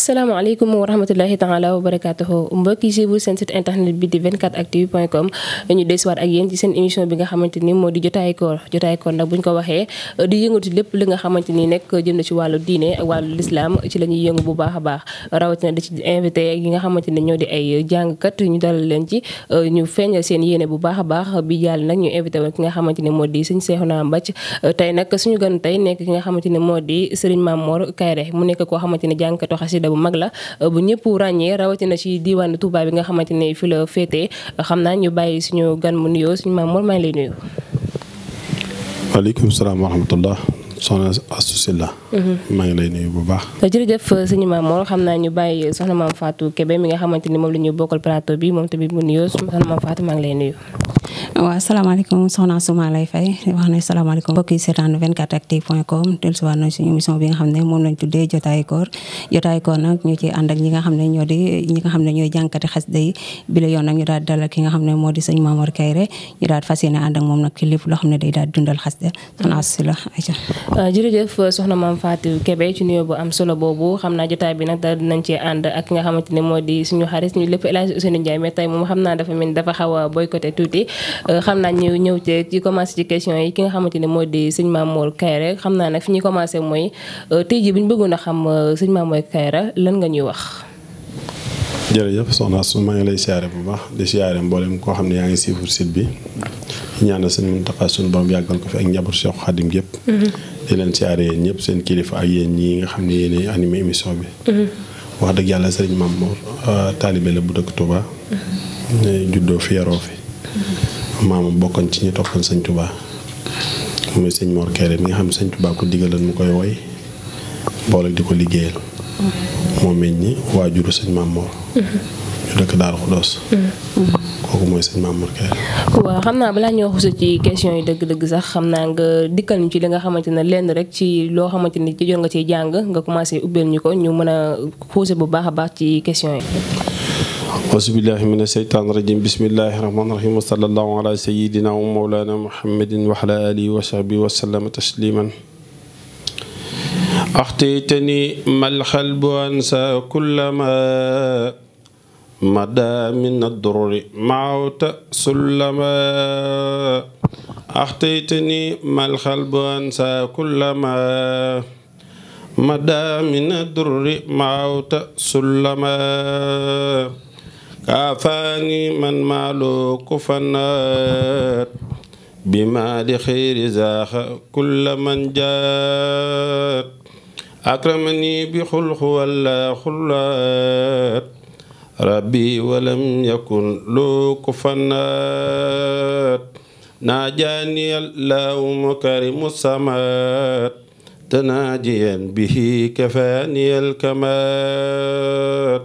salaamaaleykum wa rahmatulahi taala wa barakaatuhu mbokk yi bu seen site internet bi di 24actu point com ñu desuwaat ak yéen ci seen émission bi nga xamante ni moo di jotaay koor jotaay koor nag bu ñu ko waxee di yëngatu lépp li nga xamante ni nekk jëm na ci wàllu diine ak wàllu lislaam ci la ñuy yëngu bu baax a baax rawatina di ci invité yi nga xamante ni ñoo di ay jàngkat ñu dalal leen ci ñu feeñal seen yéene bu baax a baax bi jàll nag ñu invité ki nga xamante ni moo di sëñ Seexuna Mbàcc tey nag suñu gan tey nekk ki nga xamante ni moo di sëriñ Maam Mor mu nekk koo xamante ni jàngkatu xasida bu mag la bu ñëpp ràññee rawatina ci diwaanu Touba bi nga xamante ne fi la féetee xam naa ñu bàyyi suñu gan mu nuyoo suñu maam Mor maa ngi lay nuyu. waaleykum salaam wa rahmatullah soxna Astou Sylla mhm. maa lay nuyu bu baax. jërëjëf Maam Mor xam naa ñu bàyyi soxna maam Fatou Kébé mi nga xamante ni moom la ñu bokkal plateau bi moom tamit mu nuyoo soxna maam Fatou maa lay nuyu. waaw salaamaaleykum soxna Souma lay fay wax na salaamaaleykum mbokk yi seetaan 24actu point com dellusiwaat nañ suñu émission bi nga xam ne moom lañ tuddee jotaay koor jotaay koor nag ñu ci ànd ñi nga xam ne ñoo di ñi nga xam ne ñooy jànkati xasida yi bi la yoon nag ñu daal dalal ki nga xam ne moo di sëñ Mamor Kayre ñu daal fas yéene ànd ak moom nag lépp loo xam ne day daal dundal xasida soxna jërëjëf soxna Mame Fatou Kébé ci nuyoo bu am solo boobu xam naa jotaay bi nag daal dinañ ci ànd ak ki nga xamante ne moo di suñu xarit suñu lépp El Hadji Ousseynou moom xam naa dafa mel dafa xaw a boycotté tuuti Euh, xam naa ñu ñëw ci ci commencé ci question yi ki nga xamante ne moo di sëñ Mamour Kairé xam naa nag fi ñu commencé mooy euh, tey jii bu ñu bëggoon a xam euh, sëñ Mamour Kairé lan nga ñuy wax. jërëjëf soxna su ma ngi lay siyaare bu baax di siyaare mboolem koo xam ne yaa ngi siifur site bi ñaanal sëñ Muntaxa suñu borom yàggal ko fi ak njaboot Seex Xaadim yëpp. Mhm. di seen kilifa ak nga xam ne yéen animé émission bi. Mhm. wax dëgg yàlla sëriñ Mamour taalibe la bu dëkk Touba. Mhm. juddoo fi fi. maamam bokkoon ci ñi toppoon sëñ Touba muy sëñ Mor Kéré mi nga xam ne sëñ Touba ko digaloon mu koy woy boole di ko liggéeyal. moo meññ waajuru sëñ Maam Mor. ñu dëkk Daaru Xudoos. kooku mooy sëñ Maam Mor xam naa balaa ñoo xuus ci question yi dëgg-dëgg sax xam naa nga dikkal ñu ci li nga xamante ne lenn rek ci loo xamante ni ci jot nga ciy jàng nga commencé ubbeel ñi ko ñu mën a xuuse bu baax a baax ci question yi. asubillahi min asheytaan rajim bismillahi rahmaani rahim wa sallallahu ala sayidina wa mawlana muhammadin wa ala alihi wa sahbi wa sallama tasliman axtaytani mal xalbu ansa kullama mada min addururi maawta sullama axtaytani mal xalbu ansa kullama mada min addururi maawta sullama كافاني من مالو كفنات بما لخير زاخ كل من جات أكرمني بخلق ولا خلات ربي ولم يكن له كفنات ناجاني اللهم كريم السمات تناجيا به كفاني الكمات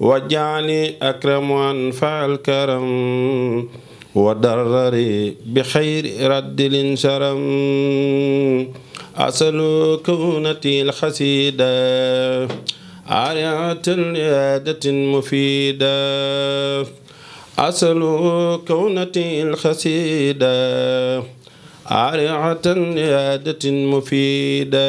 واجعلني أكرم أنفع الكرم ودرري بخير رد الانشرم أسأل كونتي الخسيدة عارعة لعادة مفيدة أسأل كونتي الخسيدة عارعة لعادة مفيدة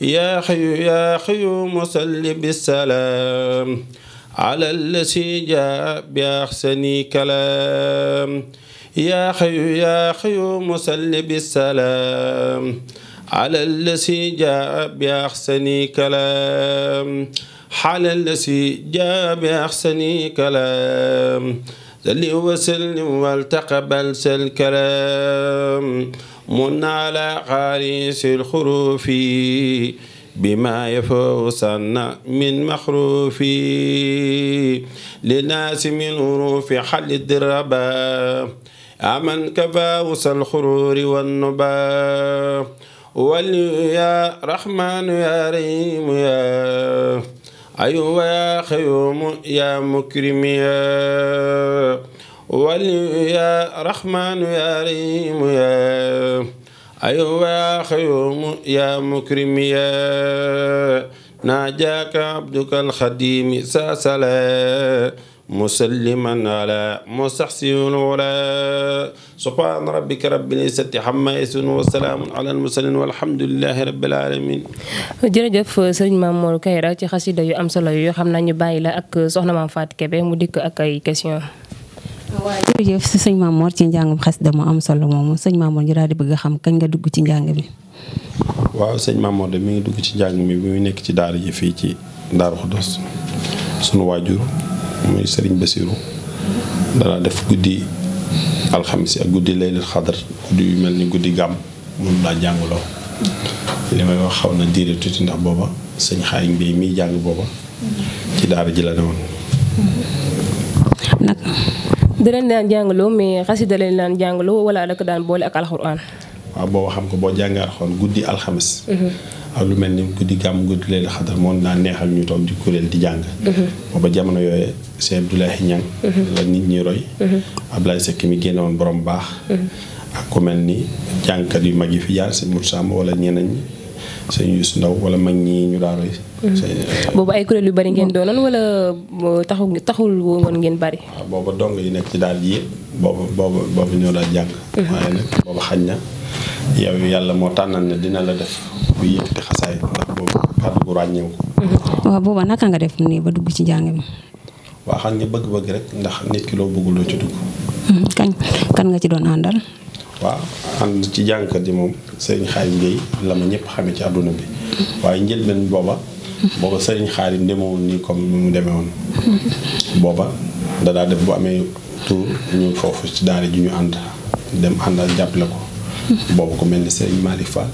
يا حي يا قيوم صل بالسلام على الذي جاء بأحسن كلام يا حي يا قيوم صل بالسلام على الذي جاء بأحسن كلام على الذي جاء بأحسن كلام صل وسلم والتقبل الكلام mun ala xaarisil xurufi bima yafoo sanna min maxrufi linaasi min urufi xalli diraba aman kafaawusal xururi wannuba waliyu ya raxmaanu ya rahimu ya ayuba ya xayuumu ya mukrimi ya ولي يا رحمن يا رحيم يا أيوة يا خيوم يا مكرم يا ناجاك عبدك الخديم ساسلا مسلما على مستحسن ولا سبحان ربك رب العزة عما يصفون وسلام على المرسلين والحمد لله رب العالمين jërëjëf sëriñ Mame Mor Kayra ci xasida yu am solo yoo xam naa ñu bàyyi la ak soxna Mame Fatou Kébé mu dikk ak ay question waaw jërëjëf si ci Mamour ci njàngum xasida mu am solo moomu sëñ Mamour ñu daal di bëgg a xam kañ nga dugg ci njàng mi. waaw sëñ Mamour de mi ngi dugg ci njàng mi bi muy nekk ci daara ji fii ci Daaru Xudos sunu waajur muy Serigne Bassirou danaa def guddi alxamis ak guddi laylul xadar guddi mel ni guddi gàmm moom daa jàngaloo li may wax xaw na diire tuuti ndax booba sëñ xaayi bi miy jàng booba ci daara ji la ne woon. da leen daan jàngaloo mais xasida leen daan jàngaloo wala da ko daan boole ak alxuraan. waaw booba xam ko boo jàngee alxuraan guddi alxames. Mhm. ak lu mel ni guddi gàmm guddi leen xadar moom daan neexal ñu toog di kuréel di jàng. Mhm. booba jamono yooyee Cheikh Abdoulaye Niang. Mhm. la nit ñi roy. Abdoulaye Seck mi génne borom baax. ak ko mel ni jàngkat yu mag yi fi jaar si Moussa wala ñeneen sëñ Youssou Ndaw wala mag ñi ñu daal mm-hmm. euh, boobu ay kuréel yu bari ngeen doonoon wala euh, taxu taxul woon ngeen bari. waaw booba dong yi nekk ci daal yi booba booba boobu ñoo daal jàng. Mm-hmm. booba xañ na yow yàlla moo tànnal ne dina la def bu yëkkati xasaay ndax boobu kàddu gu ràññeeku. Mm-hmm. waaw booba naka nga def nii ba dugg ci jàng mi. waaw xam nga bëgg-bëgg rek ndax nit ki loo bëgg ci dugg. kañ kan nga ci doon àndal. waaw ànd ci jàngkat ji moom sëriñ Xaadim ngéy la ma ñëpp xamee ci àdduna bi waaye njëlbeen booba booba sëriñ Xaadim demewoon nii comme ni mu demee woon booba dadaa def bu amee tur ñu foofu ci daara ji ñu ànd dem àndal jàppale ko boobu ko mel ni sëriñ Malick Fall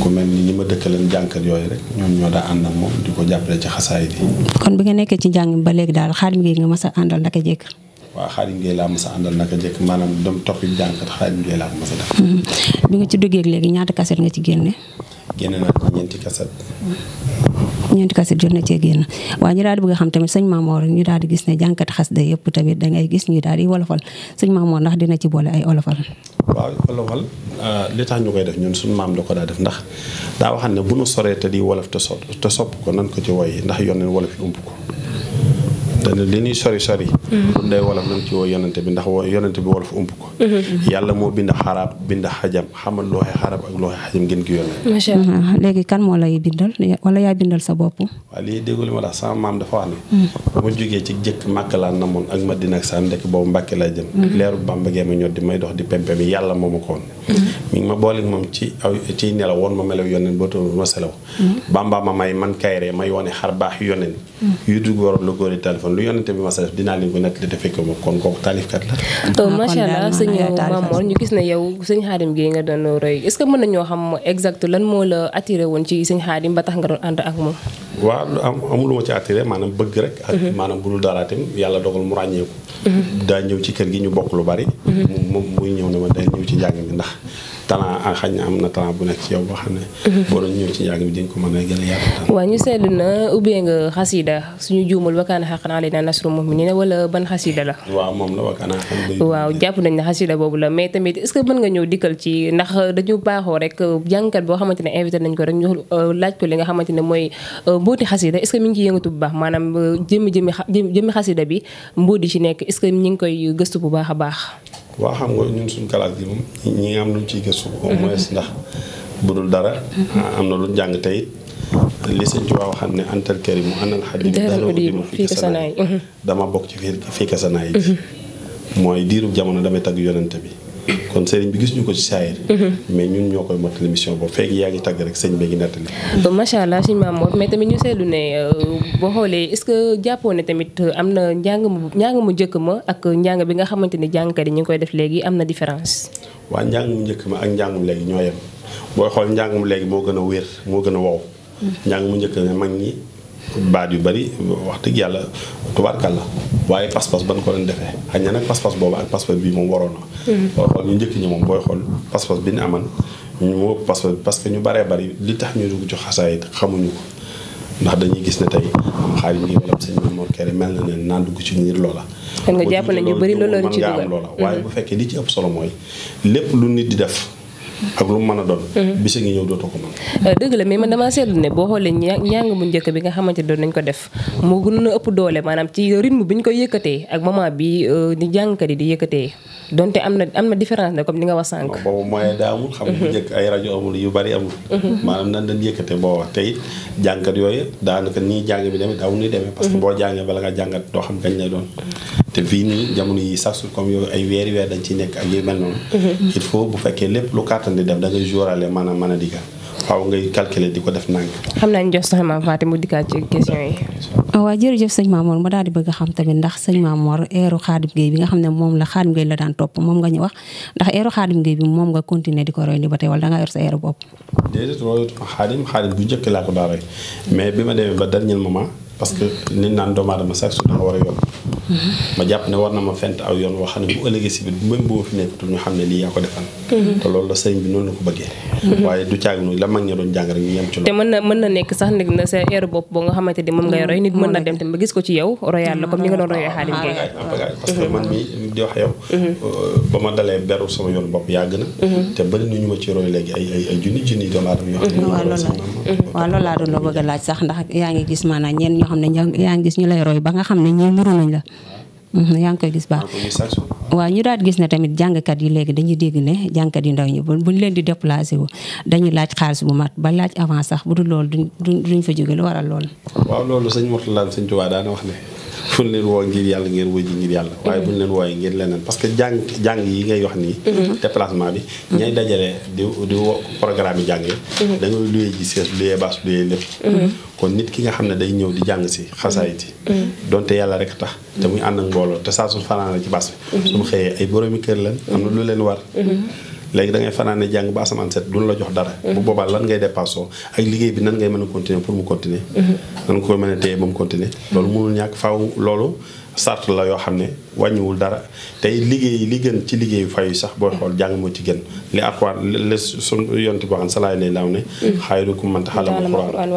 ku mel ni ñi ma dëkkaleen jànkat yooyu rek ñoom ñoo daa ànd ak moom di ko jàppale ci xasaay bi kon bi nga nekkee ci njàng ba léegi daal Xaadim Géey nga mas a àndal ndaka jekk waaw Xaadim Gueye laa mos a àndal naka njëkk maanaam doom toppi jànkat Xaadim Gueye laa ko mos a def. Mhm. bi nga ci duggee léegi ñaata kaset nga ci génne. génne naa ci ñeenti kaset. ñeenti kaset jot na cee génn waaye ñu daal di bëgg a xam tamit sëñ Mamour ñu daal di gis ne jànkat xasida yëpp tamit da ngay gis ñu daal di wolofal sëñ Mamour ndax dina ci boole ay olofal. waaw olofal euh, li tax ñu koy def ñun suñu maam da ko daa def ndax daa waxam ne bu nu soree te di wolof te so te sopp ko nan ko ci woy ndax yónneen wolof yi ko. li ñuy sori sori. bu mm-hmm. dee wolof nañ ci woo yonante bi ndax woo yonante bi wolof ump ko. Mm-hmm. yàlla moo bind xaraab bind xajam xamal looxe xaraab ak looxe xajam ngeen gi yónnee. macha allah mm-hmm. léegi kan moo lay bindal wala yaa bindal sa bopp. waaw li déggul ma la sama maam dafa wax ne. Mm. ba ma jógee ci jëkk màkk laa namoon ak Madina ak saa ndekk boobu Mbàkke laa jëm. leeru Bàmba gee ma ñor di may dox di pempe bi yàlla moo ma ko woon. mi ngi ma booleeg moom ci aw ciy nelaw woon ma melaw yoneen boo ma selaw. Bàmba ma may man kayre may wone xar baax yoneen. yu waroon la góor yi kon lu yonente bi mas a def dinaa leen ko nettali te fekke moom kon kooku taalifkat la. Oh, ah, macha allah sëñ Mamour ñu gis na yow sëñ Xaadim gi nga doon roy est ce que mën xam exact lan moo la attiré woon ci sëñ Xaadim ba tax nga doon ànd ak moom. waaw amuluma ci attiré maanaam bëgg rek. ak mhm. maanaam bu dul dara yàlla dogal mu ràññeeku. Mhm. daa ñëw ci kër gi ñu bokk lu bari. moom muy ñëw ne ma day ñëw ci njàng mi ndax talent ak xaj na am na talent bu nekk ci yow boo xam ne. Mhm. boo doon ñëw ci yàgg bi di nga ko mën a a yàgg. waaw ñu wala ban xasida la. waaw moom la waaw jàpp nañ ne xasida boobu la mais tamit est ce que mën nga ñëw dikkal ci ndax dañu baaxoo rek jàngkat boo xamante ne invité nañ ko rek ñu laaj ko nga xamante ne mooy euh, mbooti xasida est ce que mi ngi ciy yëngatu bu baax maanaam euh, jëmmi jëmmi xasida bi mbooti ci nekk est ce que ñi ngi koy gëstu bu baax a baax waa xam nga ñun suñ kalaas gi moom ñi nga am lu ciy gëstu au mhm. moins ndax dul dara mhm. am na lu jàng tey li sëñ Tuubaa xam ne antal karim mu anal xadim dara dimu dama bokk ci fii kasanaay gi mhm. mooy diirub jamono damay tagg yonente bi kon sëriñ bi gis ñu ko ci saayir mhm. mais ñun ñoo koy mottali mission boobu fekk yaa ngi tàgg rek sëñ bi ngi nettali macha allah suñu maam Mor mais tamit ñu seetlu ne euh, boo xoolee est-ce que jàppoo ne tamit euh, am na njàng mu njàng mu njëkk ma ak njàng bi nga xamante ni jàngkat yi ñu ngi koy def léegi am na différence waa njàng njëkk ma ak njàng mu ñoo yem booy xool njàng mu léegi moo gën a wér moo gën a wow mhm. njàng mu njëkk ma mag ñi baat yu bari wax dëgg yàlla la waaye pas-pas ban ko leen defee xëy na nag pas-pas boobu ak pas-pas bii moom waroon na mm-hmm. boo xool ñu njëkk ñi moom booy xool pas-pas bi ñu aman ñu moo pas-pas bi parce que ñu baree bari li tax ñu dugg ci xasaayit xamuñu ko ndax dañuy gis ne tey am xaar yi ngi mel na ne naan dugg ci ngir loola kon nga jàpp ne ñu bari loolu waaye mm-hmm. bu fekkee di ci ëpp solo mooy lépp lu nit di def ak lu mu mën a doon. Mhm. bis ngi ñëw dootoo ko mën. Euh, dëgg la mais ma dama seetlu ne boo xoolee ña ñàng mu njëkk bi nga xamante ne doon nañ ko def mu gën a ëpp doole maanaam ci rythme bi ñu ko yëkkatee ak moment bi euh, ni jàngkat yi di yëkkatee. donte am na am na différence comme ni nga wax sànq. boobu moyen daa amul xam nga bu mhm. ay rajo amul yu bari amul. Mhm. maanaam nan dañ te boo tey jàngat yooyu daanaka nii jàng bi demee daaw demee. parce que mhm. boo jàngee bala nga jàngat doo xam kañ lay doon. te fii nii jamono yi sax comme yooyu ay weeri weer dañ ci nekk ak yu mel noonu. il faut bu fekkee lépp lu kàttan di def da ngay jourale maanaam mën a digal. faaw ngay calculer di ko def nang xam naa ñu jox sax maam Faty mu dikkaat ci question yi. waaw jërëjëf sëñ Mamour ma daal di bëgg xam tamit ndax sëñ Mamour eeru Xaadim Gueye bi nga xam ne moom la Xaadim Gueye la daan topp moom nga ñu wax ndax eeru Xaadim Gueye bi moom nga continuer di ko roy ni ba tey wala da ngaa yor sa eeru bopp. Xaadim Xaadim bu njëkk laa ko daa mais bi ma demee ba dernier moment. parce que li ñu naan doomu aadama sax su da nga war a yoon mm-hmm. ma jàpp ne war na ma mm-hmm. mm-hmm. doon na mën ba gis ko ci yow royal a laaj sax ndax yaa ngi gis maanaam ñeen xam ne yaa ngi gis ñu lay roy ba nga xam ne ñii nuru nañ la mm-hmm, yaa ngi koy gis baax waaw ñu daal gis ne tamit jàngkat yi léegi dañuy dégg ne jàngkat yi ndaw ñi buñ leen di déplacé wu dañuy laaj xaalis bu mag ba laaj avant sax bu dul loolu duñ duñ fa jóge lu waral lool waaw loolu sëñ Mourtala sëñ Tuubaa daana wax ne fuñ leen woo ngir yàlla ngeen wëj ngir yàlla waaye buñ leen wooyee ngir leneen parce que jàng jàng yi ngay wax nii mhm. déplacement bi ñay dajale di di programme yi jàng yi mhm. da ngay luyee ji sees luyee baas luyee lépp mhm. kon nit ki nga xam ne day ñëw di jàng si xasaay yi donte yàlla rek tax te muy ànd ak mbooloo te saa suñ fanaan ci baas bi suñu xëyee ay boroomi kër lan am na lu leen war léegi da ngay fanaane jàng ba asamaan set duñ la jox dara. bu boobaa lan ngay dépassé ak liggéey bi nan ngay mën a continuer pour mu continuer. Mhm. nan nga koy mën a téye ba mu continuer. loolu mënul ñàkk faaw loolu sart la yoo xam ne wàññiwul dara tey liggéey li gën ci liggéeyu fayu sax booy xool mm. jàng moo ci gën li Alxuraan li sun yonti boo xam salaay lay laam ne mm. xayrukum man ta'allama Alxuraan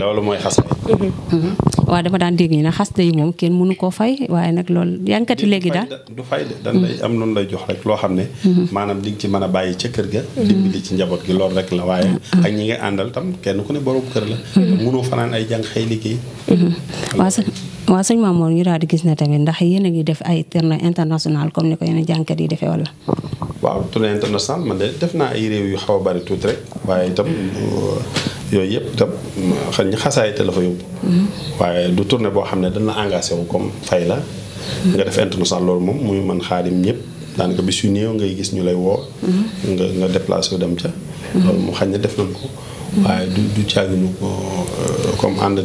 loolu mooy xasida mm-hmm. mm-hmm. waaw dama daan dégg ñu yi moom kenn mënu koo fay waaye nag loolu yànkati léegi daal du fay de dan lay mm-hmm. am noonu lay jox rek loo xam ne maanaam di nga ci mën a bàyyi ca kër ga dimbali ci njaboot gi loolu rek la waaye ak ñi nga àndal tam kenn ku ne borom kër la mënoo fanaan ay jàng xëy liggéey waaw sëñ Mamour ñu daal di gis ne tamit ndax yéen a ngi def ay tournée internationale comme ni ko yeneen jànkat yi defee wala. waaw tournée internationale man de def naa ay réew yu xaw a bari tuuti rek waaye itam yooyu yëpp itam xëy na te la fa yóbbu. Mm-hmm. waaye du tournée boo xam ne dana engagé wu comme fay la. Mm-hmm. nga def international loolu moom muy man xaadim ñëpp daanaka bi su néew ngay gis ñu lay woo. Mm-hmm. nga nga déplacé wu dem ca. loolu mu xañ na def nañ ko. waaye du du caaginu ko euh, comme ànd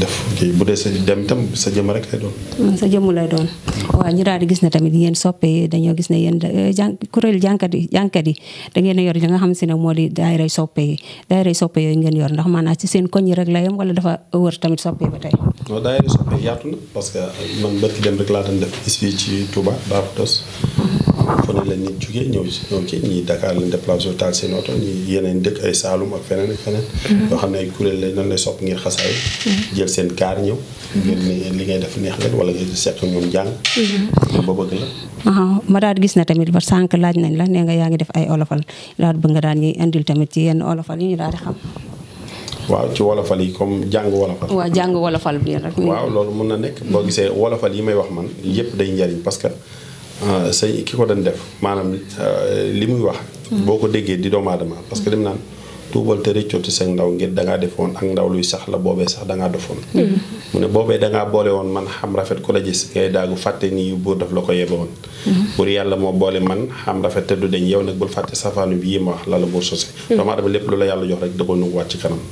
def kii bu dee sa dem tam sa jëmm rek lay doon. sa jëmm lay doon. waaw ñu daal di gis ne tamit yéen soppe dañoo gis ne yéen eh, jàn kuréel jànkat yi jànkat yi da ngeen a yor li nga xam si ne moo di daayray soppe yi daayray soppe yor ndax maanaam ci seen koñ rek la yem wala dafa wër tamit soppe ba tey. waaw daayray soppe yaatu na parce que man dem rek laa doon def fii ci Touba Darou Khoudoss fu ne la nit jugee ñëw ci ñëw ci ñii Dakar lañ déplacé taal seen oto ñii yeneen dëkk ay Saalum ak feneen ak feneen. Mhm. yoo xam ne ay kuréel lañ nan lay sopp ngir xasaay. Mhm. jël seen kaar ñëw. Mhm. li ngay def neex leen wala nga seq ñoom jàng. ba bëgg ma daal gis na tamit ba sànq laaj nañ la nee nga yaa ngi def ay olofal daal bëgg nga daal ñuy indil tamit ci yenn olofal yi ñu daal di xam. waaw ci wolofal yi comme jàng wolofal. waaw jàng wolofal bi rek. waaw loolu mun na nekk boo gisee wolofal yi may wax man yëpp day njariñ parce que Euh, say ki ko doon def maanaam euh, li muy wax. Mm. boo ko déggee di doomu adama parce que dem naan tuubal te rëccooti sa ndaw ngir dangaa defoon ak ndaw luy sax la boobee sax dangaa defoon. Mm-hmm. mu ne boobee dangaa boole woon man xam rafet ko la gis ngay daagu fàtte nii yu buur daf la ko yebe woon. Mm-hmm. buur yàlla moo boole man xam rafet te du deñ yow nag bul fàtte safaanu bi yi ma wax la la buur sose. Mm-hmm. doomu aadama lépp lu la yàlla jox rek da ko nanguwaat ci kanam.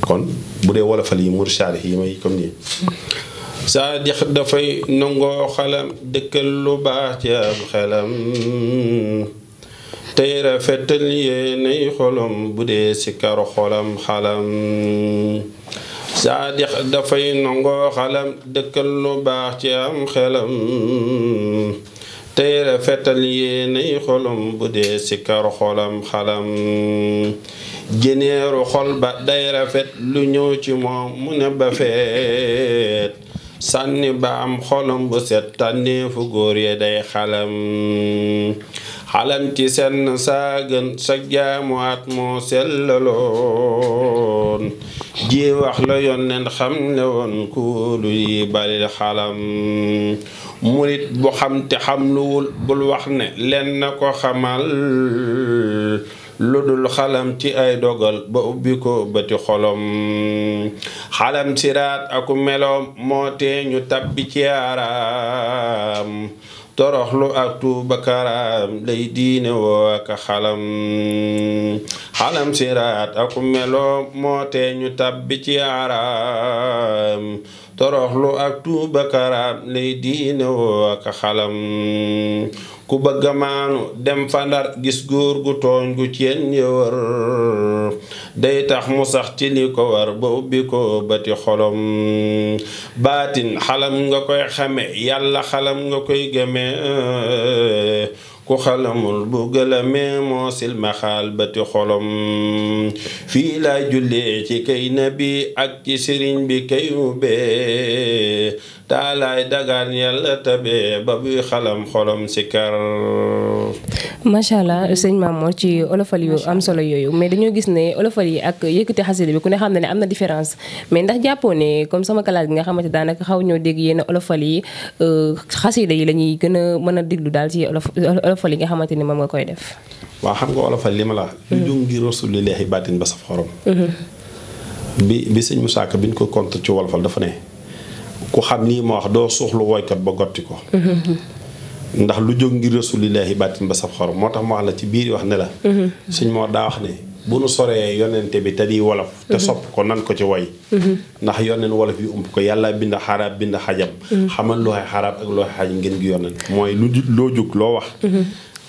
kon bu dee wolofal saadix dafay nangoo xalam dëkkal lu baax ci ab xelam tey rafetal yéenay xolom bu dee si kar xolam xalam saadix dafay nangoo xalam dëkkal lu baax ci am xelam tey rafetal yéenay xolom bu dee si kar xolam xalam jëneeru xol ba day rafet lu ñëw ci moom mu ne ba sànni ba am xolam bu set tànneefu góor ya day xalam xalam ci senn saagan sa jaamu at moo sellaloon ji wax la yonneen xam ne won kuulu yi balil xalam murit bu xam te xam luwul bul wax ne len na ko xamal lu dul xalam ci ay dogal ba ubbi ko xolom xalam siraat aku meloom moo ñu tabbi ci araam toroxlu ak tuuba karaam lay diine woo ak xalam xalam siraat aku meloom moo ñu tabbi ci araam toroxlu ak tuuba karaam lay diine woo xalam ku bëgg maanu dem fa ndar gis góor gu tooñ gu ceen ñëwër day tax mu sax ci li ko war ba ubbi ko bati xolom baatin xalam nga koy xame yàlla xalam nga koy gëme ku xalamul bu gëlëmee moo silmaxaal bati xolom fii laa jullee ci kay nabi ak ci sëriñ bi kay ubbee taalaay dagaan yàlla tabe ba buy xalam xolom si kar allah sëñ Mamour ci olofal yu am solo yooyu mais dañoo gis ne olofal coobar yi ak yëkkati xasida bi ku ne xam ne ne am na différence mais ndax jàppoo ne comme sama kalaas bi nga xamante daanaka xaw ñoo dégg yenn olofal yi euh, xasida yi la ñuy a mën a diglu daal ci olofal yi nga xamante ni moom nga koy def waaw xam nga olofal li ma la mm-hmm. lu jum ngir rasulillahi baatin ba saf xorom mm-hmm. bi bi sëñ Moussa bi ko contre ci wolofal dafa ne ku xam nii ma wax doo suuxlu woykat ba gotti ko mm-hmm. ndax lu jóg ngir rasulillahi baatin ba saf xorom moo tax ma wax la ci biir wax ne la suñ moo daa wax ne bu nu soree yonente bi te di wolof te mhm. sopp ko nan ko ci way mhm. ndax yoneen wolof yi ump ko yàlla bind xaraab bind xajam mhm. xamal looxe xaraab ak looxe xajam ngeen gi yoneen mooy lu loo jug loo wax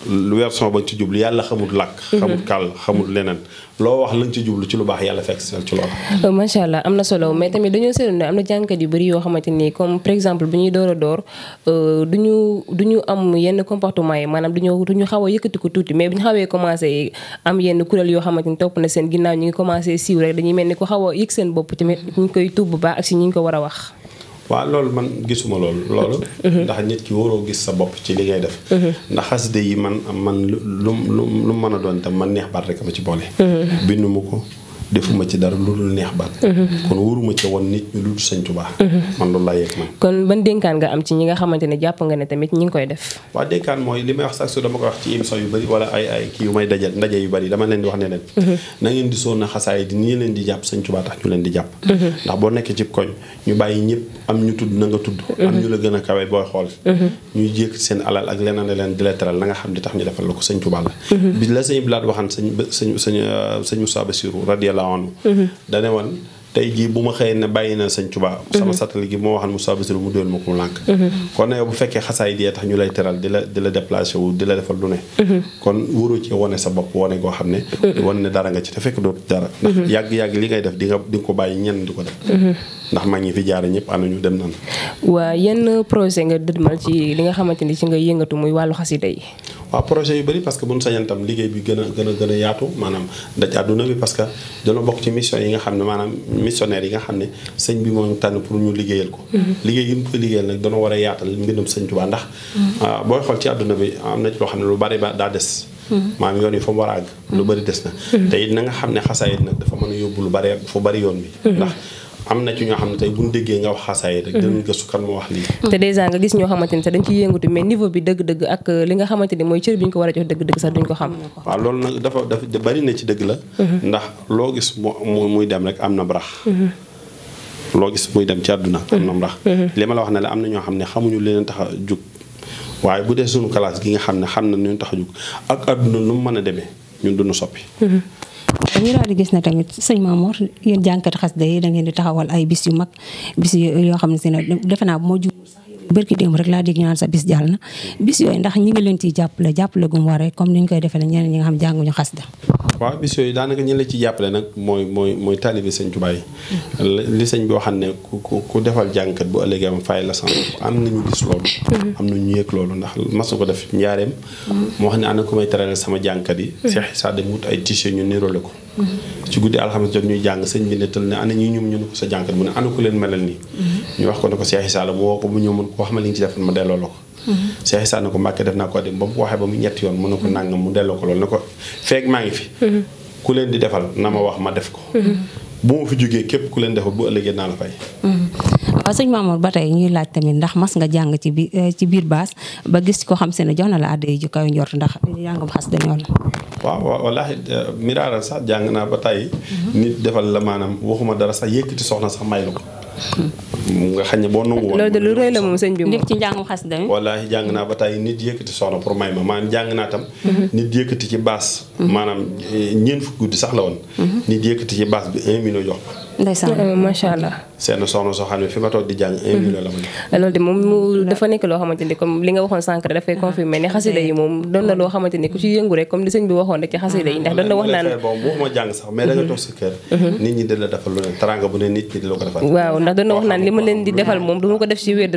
version bañ ci jublu yàlla xamul làkk. xamul mhm. kàll xamul leneen loo wax lañ ci jublu ci lu baax yàlla fekk si ci loolu. Oh, na solo mais tamit dañoo seetlu ne yu bëri yoo xamante ni comme par exemple bu ñuy door door euh, du ñu du ñu am yenn comportement yi maanaam du ñu du xaw a yëkkati ko tuuti mais bu ñu xawee commencé am yenn kuréel yoo xamante ni topp na seen ginnaaw ñu ngi commencé siiw rek dañuy mel ni ku xaw a seen bopp tamit ñu koy tuub bu baax ak si ñu ko war a wax. waaw loolu man gisuma loolu loolu mhm. ndax nit ki waroo gis sa bopp ci li ngay def mhm. ndax xasida yi man man lu lu lu mën a doon tam man neex baat rek ma ci boole mhm. bindu ma ko defuma ci dara lu dul neex baat kon waruma ci woon nit ñu dul sëñ Tuubaa man loolu laa yëg man kon ban dénkaan nga am ci ñi nga xamante ne jàpp nga ne tamit ñi ngi koy def waaw dénkaan mooy li may wax sax su dama ko wax ci émission yu bëri wala ay ay kii yu may dajal ndaje yu bëri dama leen di wax ne leen na tudd am ñu la gën a kawe booy xool ñuy jékk seen alal ak leneen leen di la teral la nga xam di tax ñu defal la ko sëñ Tuubaa la bi la sëñ anhu dane woon tey jii bu ma xëyee ne bàyyi na sëñ Tuubaa sama mhm. satali gi moo waxal Moussa Bassirou mu doon ma ko mu lànk mhm. kon ne bu fekkee xasaay dee tax ñu lay teral di la di la di la defal lu ne mhm. kon wóoroo ci wane sa bopp wane goo xam ne wane ne dara nga ci te fekk dootu dara ndax yàgg-yàgg li ngay def di nga di nga ko bàyyi ñenn di ko def ndax mag ñi fi jaare ñëpp ànd ñu dem nan waa yenn projet nga dëdmal ci li nga xamante ni ci nga yëngatu muy wàllu xasida yi waaw projet yu bëri parce que buñ sañan tam liggéey bi gën a gën a gën a yaatu maanaam yi nga xam ne maanaam missionnaire yi nga xam ne sëñ bi moo tànn ko mhm. liggéey yi ñu ko a yaatal mbindum sëñ Tuubaa ndax mhm. ah, booy xool ci àdduna bi am na ci loo xam ne lu bari ba daa des maam mhm. yoon yi fa war a àgg lu bari des na te na nga xam ne xasaayit nag dafa mën a yóbbu lu bari fu bari yoon bi ndax am na ci ñoo xam ne tey bu ñu déggee nga wax xasaay rek dañu mhm. gëstu kan moo wax lii mhm. te dèjà nga gis ñoo xamante ni sax dañ ciy yëngatu mais niveau bi dëgg-dëgg ak euh, li nga xamante ni mooy cër bi ñu ko war a jox dëgg-dëgg sax duñ ko xam waaw loolu nag dafa dafa bari na ci la mhm. ndax loo gis mu dem rek am na brax loo gis muy dem ci àdduna am na brax li ma la wax ne la am na ñoo xam ne xamuñu leneen tax a jug waaye bu dee suñu classe gi nga xam ne xam na ñu tax a jug ak àdduna lu mu mën a demee ñun duñu soppi dañuy daal di gis na tamit sëñ Mamour yéen jànkat xasida yi da ngeen di taxawal ay bis yu mag bis yoo xam ne si ne defe naa bu ma ju bërki démb rek laa dégg ñu naan sa bis jàll na bis yooyu ndax ñi ngi leen ciy jàppale jàppale gum waree comme ni ñu koy defee ñeneen ñi nga xam jànguñu xasida waaw bis yooyu daanaka ñi la ci jàppale nag mooy mooy mooy taalibi sëñ Tuubaa yi li sañ bi xam ne ku ku defal jàngkat bu ëllëgee am fay la sant am nañu gis loolu mhm. am na ñu yëg loolu ndax mas na ko def njaareem moo xam ne am na ku may sama jàngkat yi mhm. Cheikh Issa dem ay t-shirt ñu niroole ko mhm. ci guddi alxames ñuy jàng sëñ bi nettal ne ana ñi ñum ñu ne ko sa jàngkat mu ne ana ko leen melal nii ñu wax ko ne ko Cheikh Issa la ko bu ñëw mën koo wax ma li nga ci defal ma delloo la ko Mm-hmm. Cheikh Issa ne ko Mbàkke def naa ko addi ba mu ko waxee ba mu ñetti yoon mu ne ko mm-hmm. nangam mu delloo ko loolu ne ko feeg maa fi mm-hmm. ku leen di defal na ma wax ma def ko bu ma képp ku leen defal bu ëllëgee naa la fay waaw sëñ Mamour ba tey ñuy laaj tamit ndax mas nga jàng ci bi eh, ci biir baas ba gis ko xam se ne jox na la àddee ji kaw njort ndax jàngum xas dañoo la waaw wallaahi eh, miraaral sax jàng naa ba tey nit defal la maanaam waxuma dara sax yëkkati soxna sax may la ko nga xam ne boo nangu woon. loolu de lu rëy la moom sëñ bi moom ci njàngu xas de. wallaahi jàng naa ba tàyyi nit yëkkati soxna pour may ma maanaam jàng naa tam. Mhm. nit yëkkati ci baas. maanaam ñeent fukki guddi sax la woon. Mhm. nit yëkkati ci baas bi un jox ko. ndeysaan macha allah. seen soxna soo xam ne fi ma toog di jàng. Mhm. Ah, loolu de moom dafa nekk loo xamante ni li nga waxoon sànq dafay confirmer ne xasida yi moom doon na loo xamante ni ku ci yëngu rek ci xasida yi ah, mhm. ma leen di defal moom du ma ko def ci wut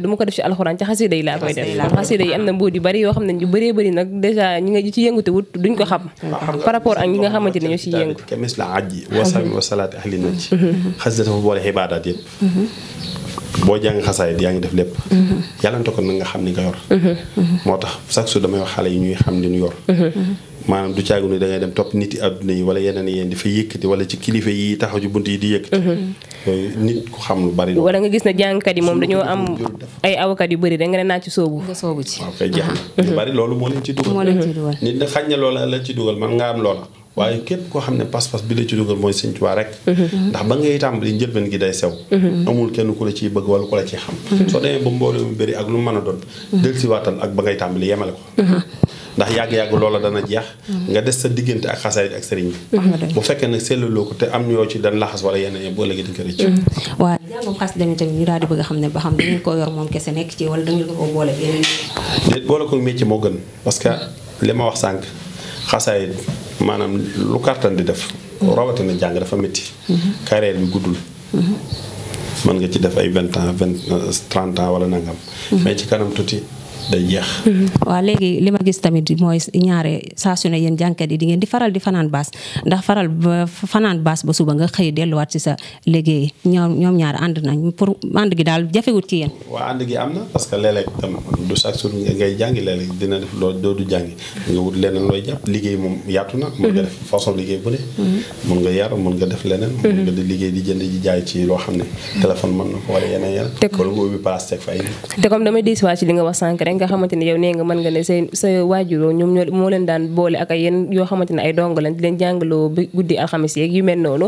duñ ko xam par rapport ak ñi nga xamante ni ñoo ci yëngu xasida dafa boole xibaadaat yëpp boo jàng xasaay yaa ngi def lépp yàllante ko nag nga xam ni nga yor moo tax chaque jour damay wax xale yi ñuy xam li ñu yor maanaam du caagu da ngay dem topp nit yi àdduna yi wala yeneen yéen di fa yëkkati wala ci kilifa yi taxaw ci bunt yi di na jàngkat da nga ne naa ci soobu nga soobu ci waaw kay jeex na ñu bari loolu moo leen ci ci dugal man nga am loola waaye képp koo xam ne pas-pas bi la ci dugal mooy Sëñ Tuubaa rek mhm. ndax ba ngay tàmbali njëlbeen gi day sew mhm. amul kenn ku la ciy bëgg wala mhm. ba mbooloo mu bëri ak lu a doon delsiwaatal ak ba ngay tàmbali yemale ko ndax nga sa diggante ak ko te am ñoo ci dan laxas wala yenn daal a xam ne boole ko métier moo gën parce que li ma wax sànq xasaay maanaam lu kartan di def. rawatina jàng dafa métti. Mhm. carrière bi guddul. Mhm. mën nga ci def ay vingt ans vingt trente ans wala nangam. Mhm. mais ci kanam tuuti. day jeex. Mm-hmm. waaw léegi li ma gis tamit mooy ñaare saa su ne yéen yi di ngeen di faral di fanaan baas ndax faral ba fanaan baas ba suba nga xëy delluwaat ci sa liggéey ñoom ñoom ñaar ànd nañ pour ànd gi daal jafewut ci yéen. waaw ànd gi am na parce que léeg-léeg tam du chaque jour ngay jàngi léeg-léeg dina def doo du jàngi nga wut leneen looy jàpp liggéey moom yaatu na. mun nga mm-hmm. def façon liggéey bu ne. Mm-hmm. mun nga yar mun nga def leneen. mun nga di liggéey di jënd di jaay ci loo xam ne téléphone mën na ko li nga wax sànq rek nga xamante ne yow nee nga mën nga ne say sa waajuroo ñoom ñoo moo leen daan boole ak ay yéen yoo xamante ne ay dongo lañ di leen jàngaloo bi alxamis yeeg mel noonu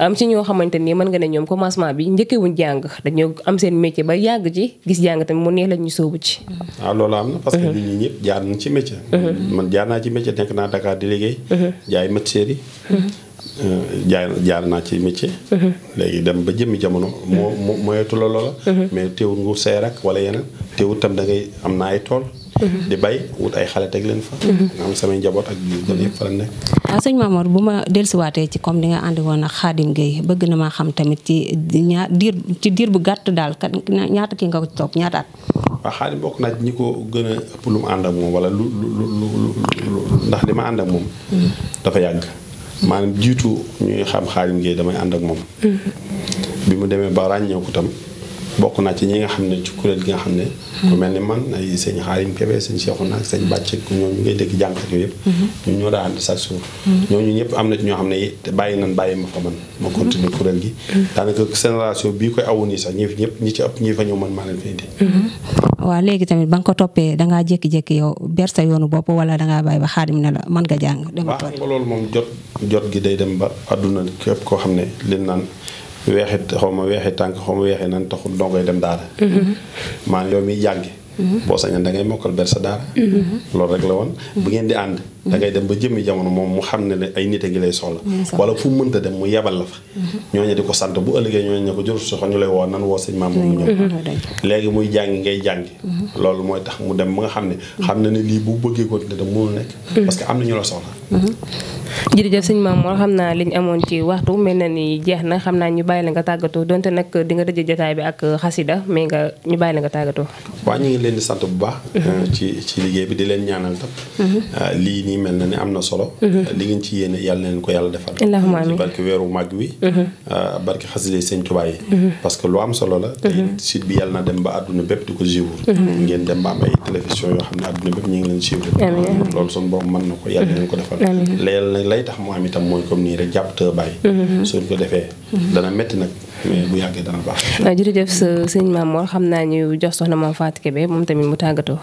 am ci ñoo xamante ni mën nga ne ñoom commencement bi njëkkewuñ jàng dañoo am seen métier ba yàgg ci gis jàng tamit mu neex la ñu sóobu ci waaw ah, loolu am na parce que uh-huh. ñun ñëpp jaar nañ ci métier uh-huh. man jaar ci métier nekk naa Dakar di liggéey uh-huh. jaay matière yi Euh, jaar jaar naa ci métier. Uh-huh. léegi dem ba jëmmi jamono. Uh-huh. moo moo moyetu la loola. Uh-huh. mais teewul ngu see rek wala yeneen teewul tam da ngay am na ay tool. di bay wut ay xale teg leen fa. nga am samay njaboot ak góor ah, ci comme di nga àndi woon ak Khadim bëgg na maa xam tamit ci diir ci diir bu gàtt daal kat ñaata kii nga ko toog ñaata at. waaw Khadim bokk naa ñi ko gën a ëpp lu moom wala lu lu lu lu ndax li ma ànd moom. dafa yàgg. maanaam jiitu ñuy xam xaadim géey damay ànd ak moom mm-hmm. bi mu demee ba ràññeeku tam bokk naa ci ñi nga xam ne ci kuréel gi nga xam ne ku mel ni man ay sëñ xaarim kebe sëñ Seexuna ak sëñ Bàcc mm-hmm. ñoo ñu ngay yëpp ñun ñoo ñooñu ñëpp am na ñoo xam ne bàyyi nan bàyyi ma fa man ma mm-hmm. continuer kuréel gi daanaka génération bii koy awu nii sax ñi ñëpp ñi ci ñi fa ñëw man maa leen fi indi waa léegi tamit ba nga ko toppee da jékki-jékki yow ber sa yoonu bopp wala da ngaa bàyyi ba xaadim ne la mën nga jàng. dama toog nga loolu moom jot jot gi day dem ba àdduna képp koo xam ne leen naan weexit xaw ma weexi tànk xaw ma weexi nan taxul ndongoy dem daara. Mm-hmm. maanaam yow miy jàngi. Mm-hmm. boo sañoon da ngay mokkal ber sa daara. Mm-hmm. loolu rek la woon bu ngeen di ànd. da ngay dem ba jëmmi jamono moom mu xam ne ne ay nit a ngi lay soxla wala fu mu mënta dem mu yebal la fa mhm. ñooñu di ko sant bu ëllëgee ñooñu ne ko jëru soxla ñu lay woo maam mu mhm. mhm. muy jàngi ngay jàngi loolu mooy tax mu dem ba xam ne xam na ne lii bu bëggee continuer dem mënul nekk parce que am na ñu la soxla jërëjëf sëñ Mamour xam naa liñ amoon ci waxtu mel na ni jeex na xam naa ñu bàyyi la nga tàggatoo donte nag di nga dëjë jotaay bi ak xasida mais nga ñu bàyyi la nga tàggatoo waaw ñu ngi leen di sant bu baax eh, ci ci liggéey bi di leen ñaanal tam eh, lii nii mel na ni am na solo. Mhm. li ngeen ci yéene yàlla leen ko yàlla defal. ci barke weeru màgg wi. Mhm. Ah, barke xasile sëñ Tuubaa yi. Mhm. parce que lu am solo la. te site bi yàlla na dem ba àdduna bépp di ko suivre. ngeen dem ba am ay télévision yoo xam ne àdduna bépp ñu ko yàlla defal. layal mu am itam mu tàggatoo.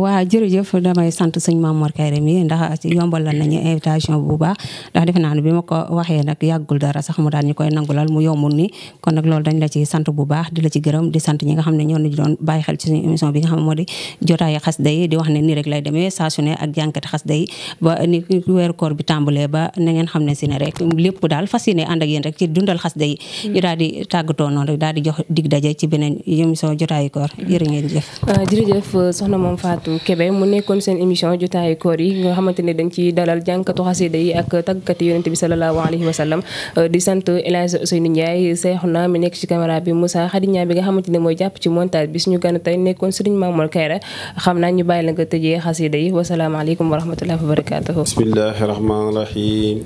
waaw jërëjëf damay sant sëñ Mamour Kairé mi ndax yombal la nañu invitation bu baax ndax defe naa ne bi ma ko waxee nag yàggul dara sax mu daal ñu koy nangulal mu yombul ni kon nag loolu dañ la ci sant bu baax di la ci gërëm di sant ñi nga xam ne ñoo ñu doon bàyyi xel ci suñu émission bi nga xam ne moo di jotaayu xasida yi di wax ne nii rek lay demee saa su ne ak jànkati xasida yi ba ni weer koor bi tàmbalee ba na ngeen xam ne si ne rek lépp daal fas yéene ànd ak yéen rek ci dundal xas day mm. ñu daal di tàggatoo noon rek daal di jox dig daje ci beneen émission jotaayu koor jërë ngeen jëf ah, Fatou mu nekkoon seen émission jotaayu koor yi nga xamante ne dañ ci dalal jànkatu xasida yi ak tàggkati yonent bi salallaahu alayhi wa sallam di sant El Hadj Ousseynou Ndiaye Seexuna mi nekk ci caméra bi Moussa Khady Niang bi nga xamante ne mooy jàpp ci montage bi suñu gan tey nekkoon Serigne Mamour Kayra xam naa ñu bàyyi la nga tëjee xasida yi wasalaamaaleykum wa rahmatullahi wa barakatuhu bismillahi rahmaani rahim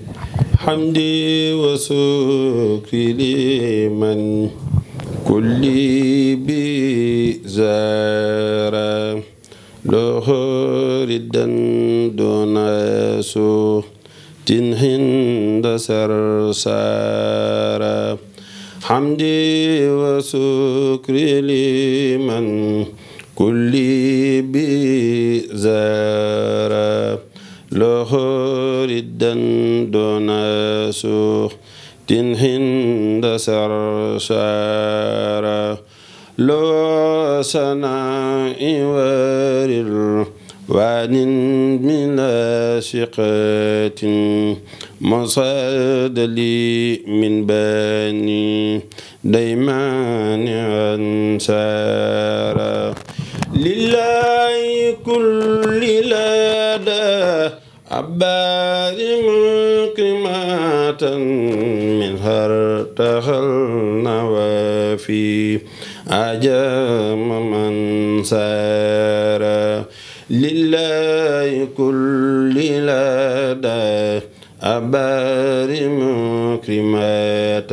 hamdi wa sukri liman kulli bi zara له ردا دون سوء هند سرسارا حمدي وسكري لمن كل بزارا له ردا دون سوء هند سرسارا لو وسناء ورضوان من ثقة مصاد لي من بني ديمان أنسارا لله كل لدى عباد مكرمة من هر عجام من سار لله كل لدى أبار مكرمات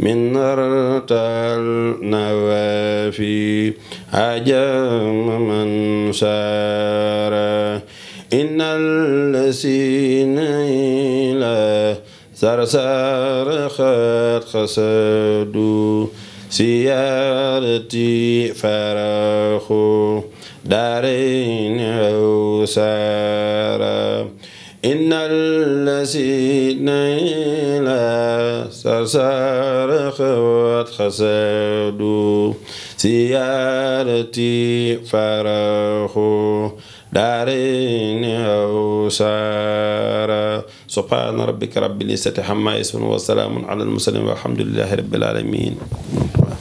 من أرتال النوافي عجام من سار إن الذين إلى سرسار خد خسدوا سيارتي فراخ دارين أو سارة إن الذين إلى سرسار خوات خسادو سيارتي فراخ دارين أو سارة subhaana rabbika rabbil izzati amma yasifuun wa salaamun alal mursaliin walhamdulillaahi rabbil aalamiin